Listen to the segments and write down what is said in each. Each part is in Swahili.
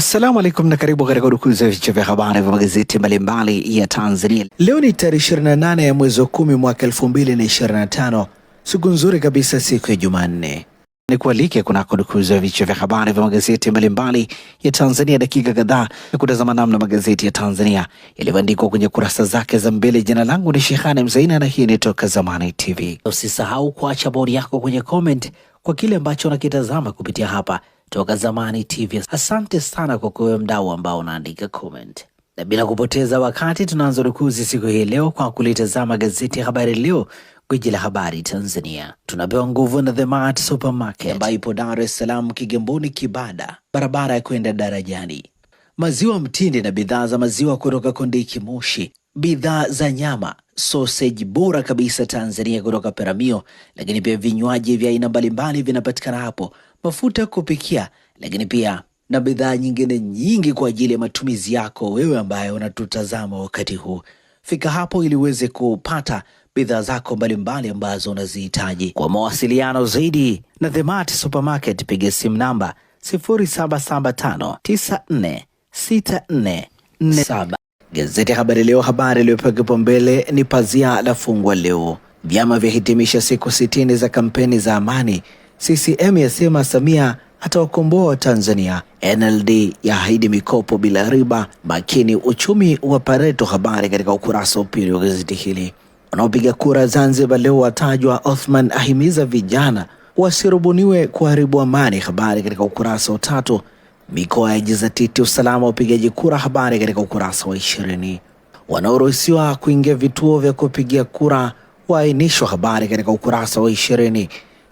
Assalamu alaikum na karibu katika udukuzi ya vichwa vya habari vya magazeti mbalimbali ya Tanzania. Leo ni tarehe 28 ya mwezi wa 10 mwaka 2025, siku nzuri kabisa, siku ya Jumanne. Ni kualike kunako dukuzi ya vichwa vya habari vya magazeti mbalimbali ya Tanzania, dakika kadhaa ya kutazama namna magazeti ya Tanzania yalivyoandikwa kwenye kurasa zake za mbele. Jina langu ni Shehani Mzaina na hii ni Toka Zamani TV. Usisahau kuacha bodi yako kwenye comment kwa kile ambacho unakitazama kupitia hapa toka zamani TV. Asante sana kwa kuwe mdau ambao unaandika comment, na bila kupoteza wakati tunaanza rukuzi siku hii leo kwa kulitazama gazeti ya Habari Leo, gwiji la habari Tanzania. Tunapewa nguvu na The Mart Supermarket ambayo ipo Dar es Salaam, Kigamboni, Kibada, barabara ya kwenda darajani. Maziwa mtindi na bidhaa za maziwa kutoka Kondiki Moshi, bidhaa za nyama sausage bora kabisa Tanzania kutoka Peramio, lakini pia vinywaji vya aina mbalimbali vinapatikana hapo, mafuta kupikia, lakini pia na bidhaa nyingine nyingi kwa ajili ya matumizi yako wewe ambaye unatutazama wakati huu. Fika hapo ili uweze kupata bidhaa zako mbalimbali ambazo unazihitaji. Kwa mawasiliano zaidi na The Mart Supermarket, piga simu namba 0775946447. Gazeti Habari Leo, habari iliyopewa kipaumbele ni pazia la fungwa leo, vyama vyahitimisha siku sitini za kampeni za amani. CCM yasema Samia atawakomboa tanzania NLD yaahidi mikopo bila riba, makini uchumi wa Pareto. Habari katika ukurasa wa pili wa gazeti hili. Wanaopiga kura Zanzibar leo watajwa. Othman ahimiza vijana wasirubuniwe kuharibu amani. Habari katika ukurasa wa tatu. Mikoa ya jizatiti usalama wa upigaji kura. Habari katika ukurasa wa ishirini. Wanaoruhusiwa kuingia vituo vya kupigia kura waainishwa. Habari katika ukurasa wa ishirini.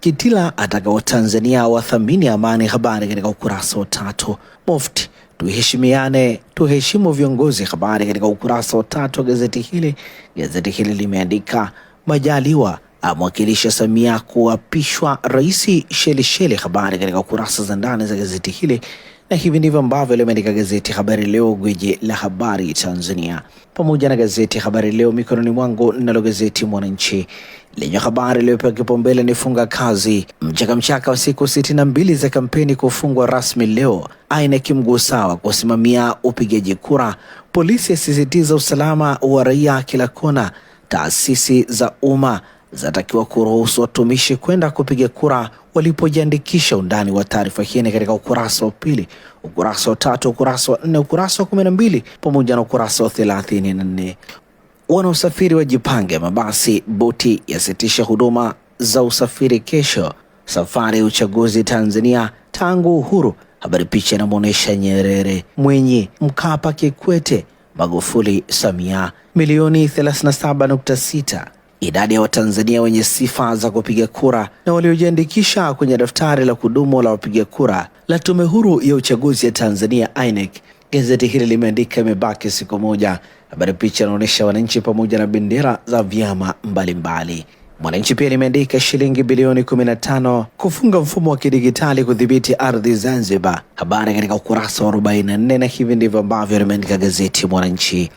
Kitila ataka Watanzania wathamini amani. Habari katika ukurasa wa tatu. Mufti, tuheshimiane tuheshimu viongozi. Habari katika ukurasa wa tatu wa gazeti hili. Gazeti hili limeandika Majaliwa amwakilisha Samia kuapishwa rais Shelisheli. Habari katika kurasa za ndani za gazeti hili na hivi ndivyo ambavyo limeandika gazeti Habari Leo, gwiji la habari Tanzania, pamoja na gazeti Habari Leo mikononi mwangu. Nalo gazeti Mwananchi lenye habari iliyopewa kipaumbele ni funga kazi, mchakamchaka wa siku sitini na mbili za kampeni kufungwa rasmi leo, INEC sawa kusimamia upigaji kura, polisi asisitiza usalama wa raia kila kona, taasisi za umma zatakiwa kuruhusu watumishi kwenda kupiga kura walipojiandikisha. Undani wa taarifa hii ni katika ukurasa wa pili, ukurasa wa tatu, ukurasa wa nne, ukurasa wa kumi na mbili pamoja na ukurasa wa thelathini na nne. Wanaosafiri wajipange, mabasi boti yasitisha huduma za usafiri kesho. Safari ya uchaguzi Tanzania tangu uhuru. Habari picha inamwonyesha Nyerere, Mwinyi, Mkapa, Kikwete, Magufuli, Samia. Milioni 37.6 Idadi ya Watanzania wenye sifa za kupiga kura na waliojiandikisha kwenye daftari la kudumu la wapiga kura la Tume Huru ya Uchaguzi ya Tanzania INEC, gazeti hili limeandika imebaki siku moja. Habari picha inaonyesha wananchi pamoja na bendera za vyama mbalimbali. Mwananchi pia limeandika shilingi bilioni 15 kufunga mfumo wa kidigitali kudhibiti ardhi Zanzibar, habari katika ukurasa wa 44, na hivi ndivyo ambavyo limeandika gazeti Mwananchi.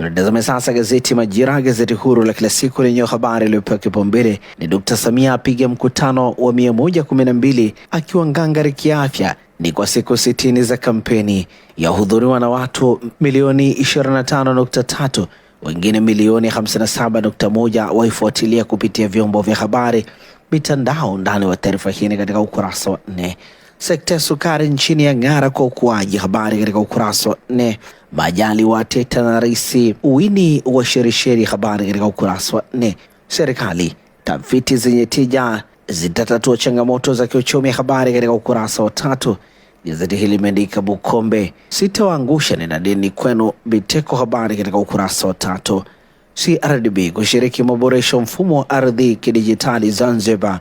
Tunatazama sasa gazeti Majira, gazeti huru la kila siku lenye habari iliyopewa kipaumbele ni Dkt. Samia apiga mkutano wa 112 akiwa ngangari kiafya ni kwa siku sitini za kampeni yahudhuriwa na watu milioni 25.3, wengine milioni 57.1 waifuatilia kupitia vyombo vya habari mitandao. Ndani wa taarifa hii katika ukurasa wa nne. Sekta ya sukari nchini ya ng'ara kwa ukuaji, habari katika ukurasa wa nne wa teta na Rais Uwini wa Sherisheri. Habari katika ukurasa wa nne. Serikali tafiti zenye tija zitatatua changamoto za kiuchumi. Habari katika ukurasa wa tatu. Gazeti hili limeandika Bukombe sitawaangusha, nina deni kwenu Biteko. Habari katika ukurasa wa tatu. CRDB kushiriki maboresho mfumo wa ardhi kidijitali Zanzibar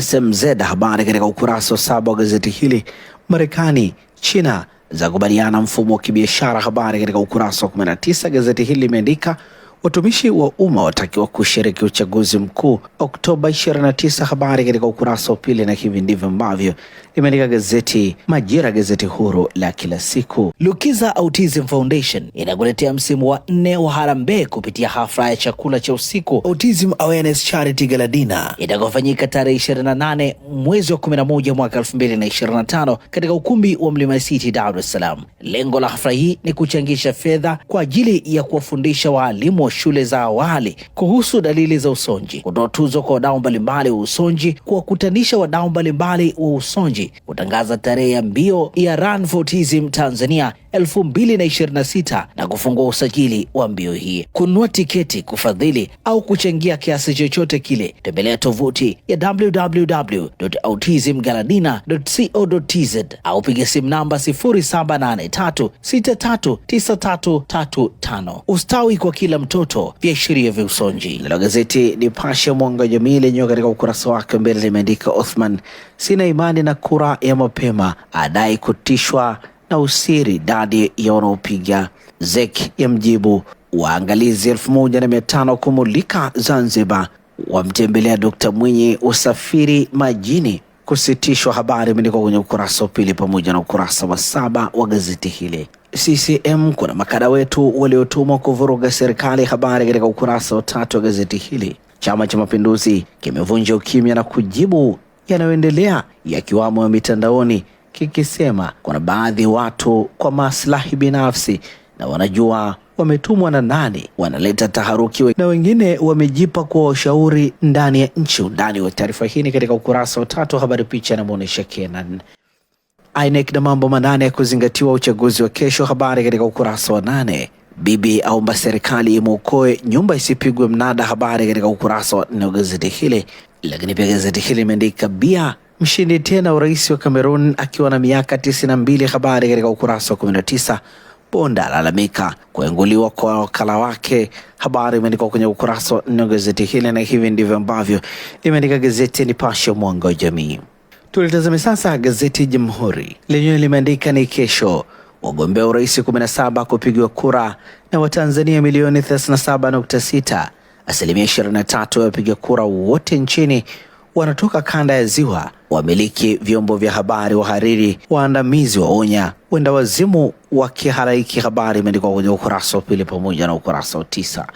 SMZ. Habari katika ukurasa wa saba wa gazeti hili. Marekani, China za kubaliana mfumo wa kibiashara. Habari katika ukurasa wa 19, gazeti hili limeandika Watumishi wa umma watakiwa kushiriki uchaguzi mkuu Oktoba 29. Habari katika ukurasa wa pili, na hivi ndivyo ambavyo limeandika gazeti Majira, gazeti huru la kila siku. Lukiza Autism Foundation inakuletea msimu wa nne wa harambee kupitia hafla ya chakula cha usiku Autism Awareness Charity galadina itakofanyika tarehe 28 mwezi wa 11 mwaka 2025 katika ukumbi wa Mlima City, Dar es Salaam. Lengo la hafla hii ni kuchangisha fedha kwa ajili ya kuwafundisha waalimu wa shule za awali kuhusu dalili za usonji, kutoa tuzo kwa wadau mbalimbali wa usonji, kuwakutanisha wadau mbalimbali wa usonji, kutangaza tarehe ya mbio ya Run for Autism Tanzania 2026 na kufungua usajili wa mbio hii. Kununua tiketi, kufadhili au kuchangia kiasi chochote kile, tembelea tovuti ya www.autismgaladina.co.tz au piga simu namba 0783639335. Ustawi kwa kila mtoto, viashiria vya usonji. Nalo gazeti Nipashe mwanga wa jamii lenyewe katika ukurasa wake mbele limeandika Othman, sina imani na kura ya mapema, adai kutishwa na usiri. Idadi ya wanaopiga zeki ya mjibu waangalizi elfu moja na mia tano kumulika Zanzibar, wamtembelea Dkt Mwinyi. Usafiri majini kusitishwa, habari imeandikwa kwenye ukurasa wa pili pamoja na ukurasa wa saba wa gazeti hili. CCM kuna makada wetu waliotumwa kuvuruga serikali, habari katika ukurasa wa tatu wa gazeti hili. Chama cha Mapinduzi kimevunja ukimya na kujibu yanayoendelea yakiwamo ya mitandaoni kikisema kuna baadhi ya watu kwa maslahi binafsi na wanajua wametumwa na nani, wanaleta taharuki na wengine wamejipa kwa ushauri ndani ya nchi. Undani wa taarifa hii ni katika ukurasa wa tatu habari. Picha inamwonyesha Kenan INEC na mambo manane ya kuzingatiwa uchaguzi wa kesho, habari katika ukurasa wa nane. Bibi aomba serikali imwokoe nyumba isipigwe mnada, habari katika ukurasa wa nne wa gazeti hili. Lakini pia gazeti hili limeandika bia Mshindi tena urais wa Cameroon akiwa na miaka 92. Habari katika ukurasa wa 19. Bonda alalamika kuenguliwa kwa wakala wake. Habari imeandikwa kwenye ukurasa wa nne wa gazeti hili, na hivi ndivyo ambavyo limeandika gazeti Nipashe Mwanga wa Jamii. Tulitazame sasa gazeti Jamhuri, lenyewe limeandika ni kesho wagombea urais 17 kupigwa kura na Watanzania milioni 37.6, asilimia 23 wapiga kura wote nchini wanatoka kanda ya Ziwa Wamiliki vyombo vya habari, wahariri, waandamizi waonya wenda wazimu wa Habari imeandikwa kwenye ukurasa wa pili pamoja na ukurasa wa tisa.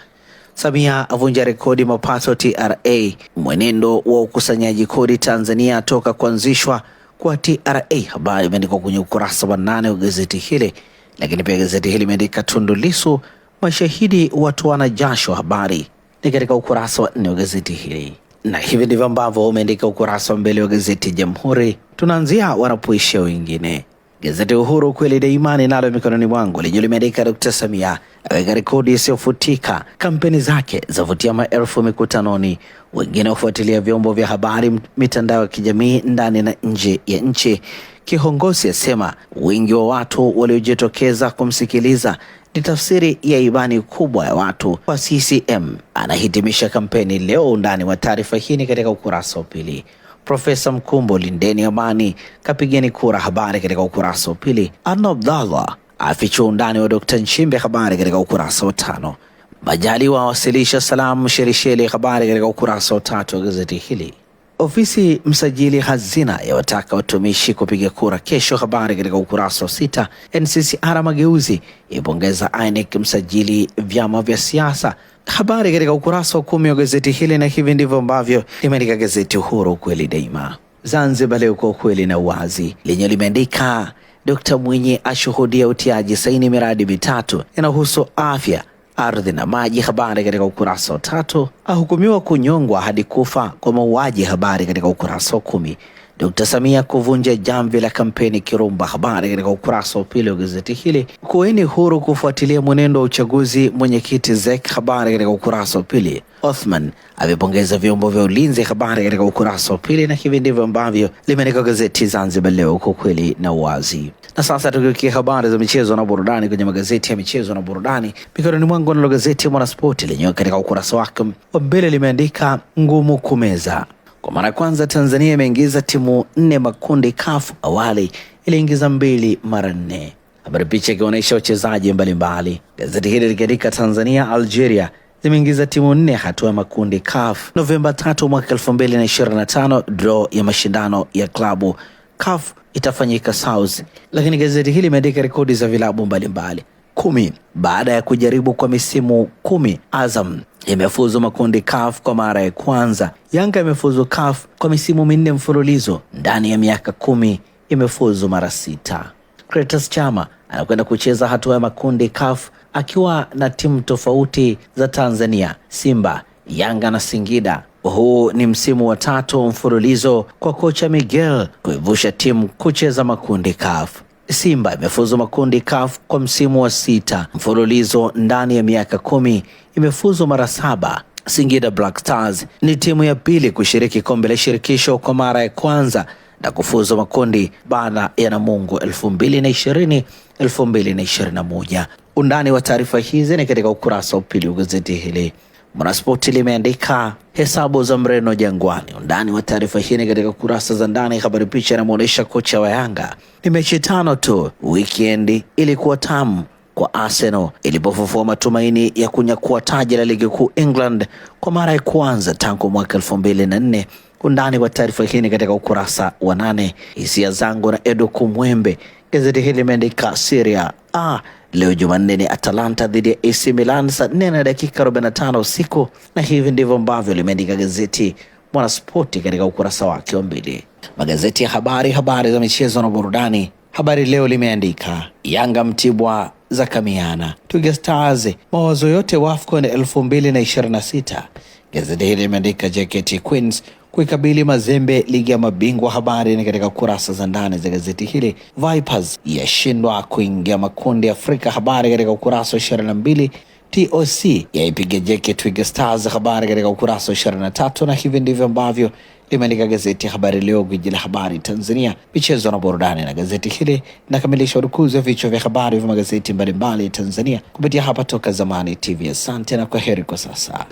Samia avunja rekodi mapato TRA. Mwenendo wa ukusanyaji kodi Tanzania toka kuanzishwa kwa TRA, habari imeandikwa kwenye ukurasa wa nane wa gazeti hili. Lakini pia gazeti hili imeandika Tundu Lissu mashahidi watoana jasho, habari ni katika ukurasa wa nne wa gazeti hili na hivi ndivyo ambavyo umeandika ukurasa wa mbele wa gazeti Jamhuri. Tunaanzia wanapoishia wengine. Gazeti Uhuru ukweli daima ninalo mikononi mwangu lenye limeandika Dr. Samia aweka rekodi isiyofutika, kampeni zake zavutia maelfu mikutanoni, wengine hufuatilia vyombo vya habari, mitandao ya kijamii ndani na nje ya nchi. Kihongosi asema wingi wa watu waliojitokeza kumsikiliza ni tafsiri ya ibani kubwa ya watu kwa CCM. Anahitimisha kampeni leo. Undani wa taarifa hii ni katika ukurasa wa pili. Profesa Mkumbo, lindeni amani, kapigeni kura. Habari katika ukurasa wa pili. Anna Abdallah afichua undani wa Dkt Nchimbe. Habari katika ukurasa wa tano. Majaliwa awasilisha salamu Sherisheli. Habari katika ukurasa wa tatu wa gazeti hili. Ofisi msajili hazina yawataka watumishi kupiga kura kesho. Habari katika ukurasa wa sita. NCCR Mageuzi ipongeza INEC msajili vyama vya siasa. Habari katika ukurasa wa kumi wa gazeti hili, na hivi ndivyo ambavyo limeandika gazeti Uhuru, ukweli daima. Zanzibar Leo, kwa ukweli na uwazi, lenye limeandika Dkt Mwinyi ashuhudia utiaji saini miradi mitatu inahusu afya ardhi na maji, habari katika ukurasa wa tatu. Ahukumiwa kunyongwa hadi kufa kwa mauaji, habari katika ukurasa wa kumi. Dkt Samia kuvunja jamvi la kampeni Kirumba, habari katika ukurasa wa pili wa gazeti hili. Kuweni huru kufuatilia mwenendo wa uchaguzi mwenyekiti ZEC, habari katika ukurasa wa pili. Othman amepongeza vyombo vya ulinzi habari katika ukurasa wa pili, na hivi ndivyo ambavyo limeandikwa gazeti Zanzibar Leo kwa kweli na uwazi. Na sasa tukiukia habari za michezo na burudani kwenye magazeti ya michezo na burudani mikononi mwangu, nalo gazeti ya Mwanaspoti lenyewe katika ukurasa wake wa mbele limeandika ngumu kumeza. Kwa mara ya kwanza Tanzania imeingiza timu nne makundi kafu, awali iliingiza mbili mara nne. Habari picha ikionyesha wachezaji mbalimbali. Gazeti hili likiandika Tanzania Algeria zimeingiza timu nne hatua ya makundi CAF. Novemba 3 mwaka 2025 draw ya mashindano ya klabu CAF itafanyika South, lakini gazeti hili limeandika rekodi za vilabu mbalimbali kumi baada ya kujaribu kwa misimu kumi. Azam imefuzu makundi CAF kwa mara ya kwanza. Yanga imefuzu CAF kwa misimu minne mfululizo ndani ya miaka kumi, imefuzu mara sita. Clatous Chama anakwenda kucheza hatua ya makundi CAF akiwa na timu tofauti za Tanzania, Simba, Yanga na Singida. Huu ni msimu wa tatu mfululizo kwa kocha Miguel kuivusha timu kucheza makundi CAF. Simba imefuzu makundi CAF kwa msimu wa sita mfululizo ndani ya miaka kumi, imefuzu mara saba. Singida Black Stars ni timu ya pili kushiriki kombe la shirikisho kwa mara ya kwanza na kufuzu makundi baada ya Namungo 2020 2021. Undani wa taarifa hizi ni katika ukurasa wa pili wa gazeti hili. Mwanaspoti limeandika hesabu za mreno Jangwani. Undani wa taarifa hii ni katika kurasa za ndani. Habari picha inamwonyesha kocha wa Yanga, ni mechi tano tu. Wikendi ilikuwa tamu kwa Arsenal ilipofufua matumaini ya kunyakua taji la ligi kuu England kwa mara ya kwanza tangu mwaka elfu mbili na nne Undani wa taarifa hii ni katika ukurasa wa nane. Hisia zangu na Edo Kumwembe, gazeti hili limeandika Syria ah, leo Jumanne ni Atalanta dhidi ya AC Milan saa nne na dakika 45 usiku, na hivi ndivyo ambavyo limeandika gazeti Mwanaspoti katika ukurasa wake wa mbili. Magazeti ya habari, habari za michezo na burudani. Habari Leo limeandika Yanga mtibwa za kamiana Twiga Stars mawazo yote WAFCON 2026. Gazeti hili limeandika JKT Queens kuikabili Mazembe ligi ya mabingwa. Habari ni katika kurasa za ndani za gazeti hili. Vipers yashindwa kuingia makundi ya Afrika, habari katika ukurasa wa ishirini na mbili. TOC yaipiga jeke Twiga Stars, habari katika ukurasa wa ishirini na tatu. Na hivi ndivyo ambavyo limeandika gazeti ya Habari Leo, gwiji la habari Tanzania, michezo na burudani. Na gazeti hili linakamilisha urukuzi wa vichwa vya habari vya magazeti mbalimbali ya Tanzania kupitia hapa Toka Zamani TV. Asante na kwa heri kwa sasa.